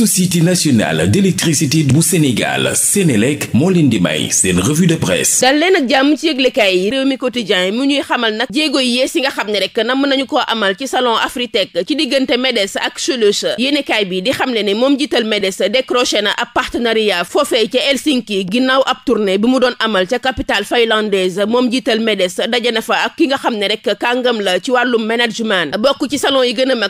société nationale d'électricité bu Sénégal Sénélec moo leen di may seen revue de presse dal ak jàmm ci yëglekaay yi réew mi quotidien mu ñuy xamal nag jéego yees yi nga xam ne rek nam nañu koo amal ci salon Afritech ci diggante MEDES ak Cheleuch yéenekaay bi di xam ne ne moom jiital MEDES décroché na ab partenariat foofee ca Helsinki ginnaaw ab tournée bi mu doon amal ca capitale finlandaise moom jiital MEDES daje na fa ak ki nga xam ne rek kàngam la ci wàllum management bokk ci salon yi gën a mag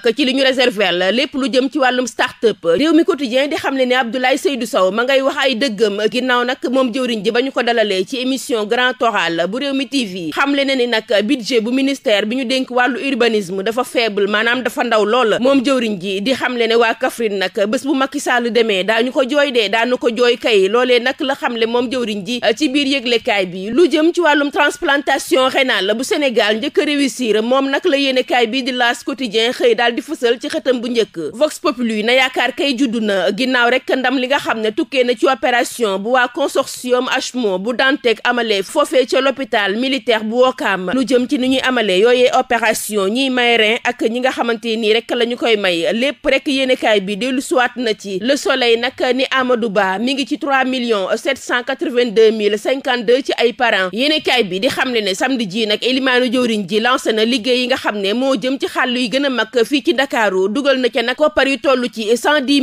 mi di xam ne ne Abdoulaye Seydou Sow ma ngay wax ay dëggam ginnaaw nag moom jëwriñ ji ba ñu ko dalalee ci émission Grand Oral bu réew mi xam le ne ni nag budget bu ministère bi ñu dénk wàllu urbanisme dafa faible maanaam dafa ndaw lool moom jëwriñ ji di xam le ne waa Kaffrine nag bés bu Macky Sall demee ñu ko jooy dee daanu ko jooy kay loolee nag la xam le moom jëwriñ ji ci biir yëglekaay bi lu jëm ci wàllum transplantation rénale bu senegal njëkk réussir moom nag la yéenekaay bi di L'As quotidien xëy daal di fësal ci xëtam bu njëkk Vox Populi na yaakaar kay juddu na ginnaaw rek ndam li nga xam ne tukkee na ci opération bu waa consortium HMO bu Dantec amalee foofee ca l'hôpital militaire bu Ouakam lu jëm ci ni ñuy amalee yooyee opération ñiy may rein ak ñi nga xamante nii rek la ñu koy may lépp rek yéenekaay bi dellu suwaat na ci Le Soleil nag ni Amadou Ba mi ngi ci 3 millions 782 mille 52 ci ay parents yéenekaay bi di xamle ne samedi ji nag Elimaanu jëwriñ ji lancé na liggéey yi nga xam ne moo jëm ci xàll yu gën a mag fii ci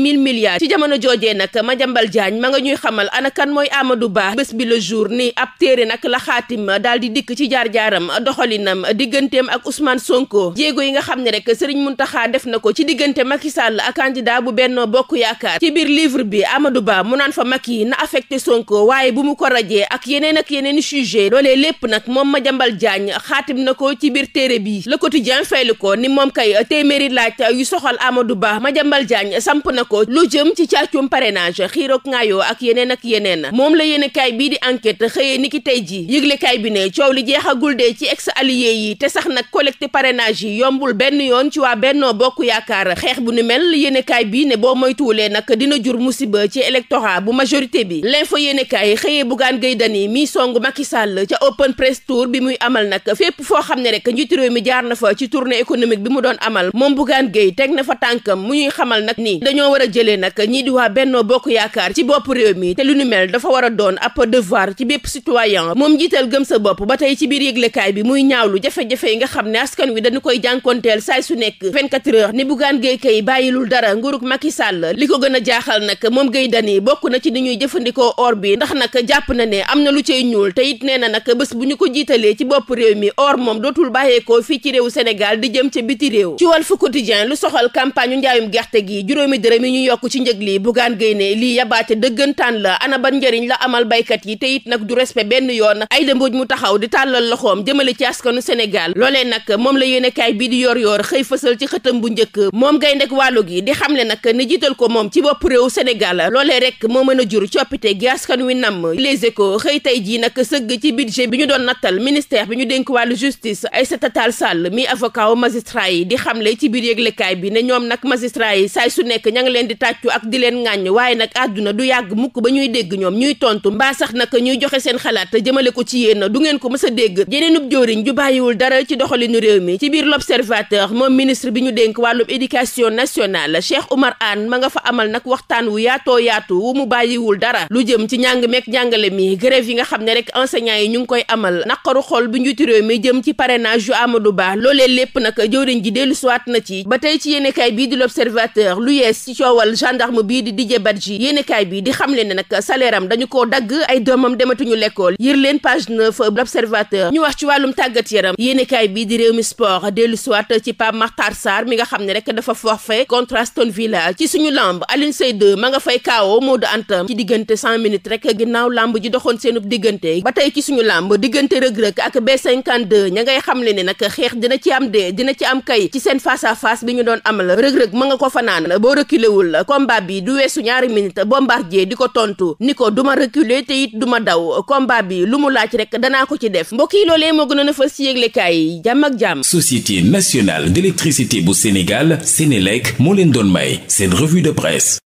mille milliards ci jamono joojee nag Madiambal Diagne ma nga ñuy xamal ana kan mooy Amadou Ba bés bi le jour ni téere nag la xaatim daal di dikk ci jaar-jaaram doxalinam digganteem ak Ousmane Sonko jéego yi nga xam ne rek Serigne Mountakha def na ko ci diggante Macky Sall ak candidat bu Benno Bokk Yaakaar ci biir livre bi Amadou Ba mu naan fa Macky na affecté Sonko waaye bu mu ko rajee ak yeneen ak yeneen sujet loolee lépp nag moom Madiambal Diagne xaatim na ko ci biir téere bi Le Quotidien faylu ko ni moom kay téeméeri laaj yu soxal Amadou Ba Madiambal Diagne samp na ko ko lu jëm ci càccum parrainage xiiroog ngaayoo ak yeneen ak yeneen moom la yéenekaay bii di enquête xëyee niki tey ji yëglekaay bi ne coow li jeexagul dee ci ex allié yi te sax nag collecte parrainage yi yombul benn yoon ci waa Bennoo Bokk Yaakaar xeex bu ni mel yéenekaay bii ne boo moytuwulee nag dina jur musiba ci électorat bu majorité bi l'info yéenekaay xëyee Bougane Gueye Dany mi songu Macky Sall ca open press tour bi muy amal nag fépp foo xam ne rek njiitu réew jaar na fa ci tournée économique bi mu doon amal moom Bougane Gueye teg na fa tànkam mu ñuy xamal nag ni a jëlee nag ñii di waa Benno Bokk Yaakaar ci bopp réew mi te lu nu mel dafa war a doon ab voir ci bépp citoyen moom jiital gëm sa bopp ba tey ci biir yëglekaay bi muy ñaawlu jafe-jafe yi nga xam ne askan wi dañu koy jànkonteel saay su nekk 24 heures ni Bougane Gueye Kaye bàyyilul dara nguurug Macky Sall li ko gën a jaaxal nag moom Gueye Dany bokk na ci ni ñuy jëfandikoo or bi ndax nag jàpp na ne am na lu cay ñuul te it nee na nag bés bu ñu ko jiitalee ci bopp réew mi or moom dootul bàyyeekoo fii ci réewu Sénégal di jëm ca biti réew ci Walf Quotidien lu soxal campagne u gerte gi juróomi ñu yokk ci njëg lii bugaan géy ne lii yabaate dëggantaan la ana ban njëriñ la amal baykat yi te it nag du respect benn yoon ay dëmbuj mu taxaw di tàllal loxoom jëmale ci askanu senegal loolee nag moom la yéenekaay bii di yor yoor xëy fësal ci xëtam bu njëkk moom gaynde wàllu gi di xamle nag ni jiital ko moom ci bopp réew Sénégal loolee rek moo mën a jur coppite gi askan wi namm Les ko xëy tey jii nag sëgg ci budget bi ñu doon nattal ministère bi ñu dénk wàllu justice Aïssata Tall Sall mi avocat magistrat yi di xamle ci biir yëglekaay bi ne ñoom nag magistrat yi leen di tàccu ak di leen ŋàññ waaye nag àdduna du yàgg mukk ba ñuy dégg ñoom ñuy tontu mbaa sax nag ñuy joxe seen xalaat te jëmale ko ci yéen du ngeen ko mës a dégg jeneenu jóoriñ ju bàyyiwul dara ci doxalinu réew mi ci biir l'observateur moom ministre bi ñu dénk wàllum éducation nationale Cheikh Oumar Anne ma nga fa amal nag waxtaan wu yaatoo yaatu wu mu bàyyiwul dara lu jëm ci njàng meek njàngale mi grève yi nga xam ne rek enseignants yi ñu ngi koy amal naqaru xol bu njiitu réew mi jëm ci parrainage yu Amadou Ba loolee lépp nag jóoriñ ji dellu siwaat na ci ba coowal gendarme bii di Didier Badji yéenekaay bi di xamle ne nag salaire am dañu koo dagg ay doomam dematuñu lekkool yër leen page neuf l'observateur ñu wax ci wàllum tàggat yaram yéenekaay bii di réew mi sport dellu siwaat ci Pape Makhtar Sarr mi nga xam ne rek dafa forfait contre Aston Villa ci suñu lamb Alioune Seye 2 ma nga fay kaawoo Modou Anta ci diggante cent minutes rek ginnaaw lamb ji doxoon seenub diggante rëg-rëg ak B52 ña ngay xamle la combat bi du weesu ñaari minute bombardier di ko tontu ni ko duma ma reculer te it du ma daw combat bi lu mu laaj rek danaa ko ci def mbokk yi loolee moo gën a fës ci yëglekaay yi jàmm ak jàmm. Société nationale d'électricité bu Sénégal Sénélec moo leen doon may seen revue de presse.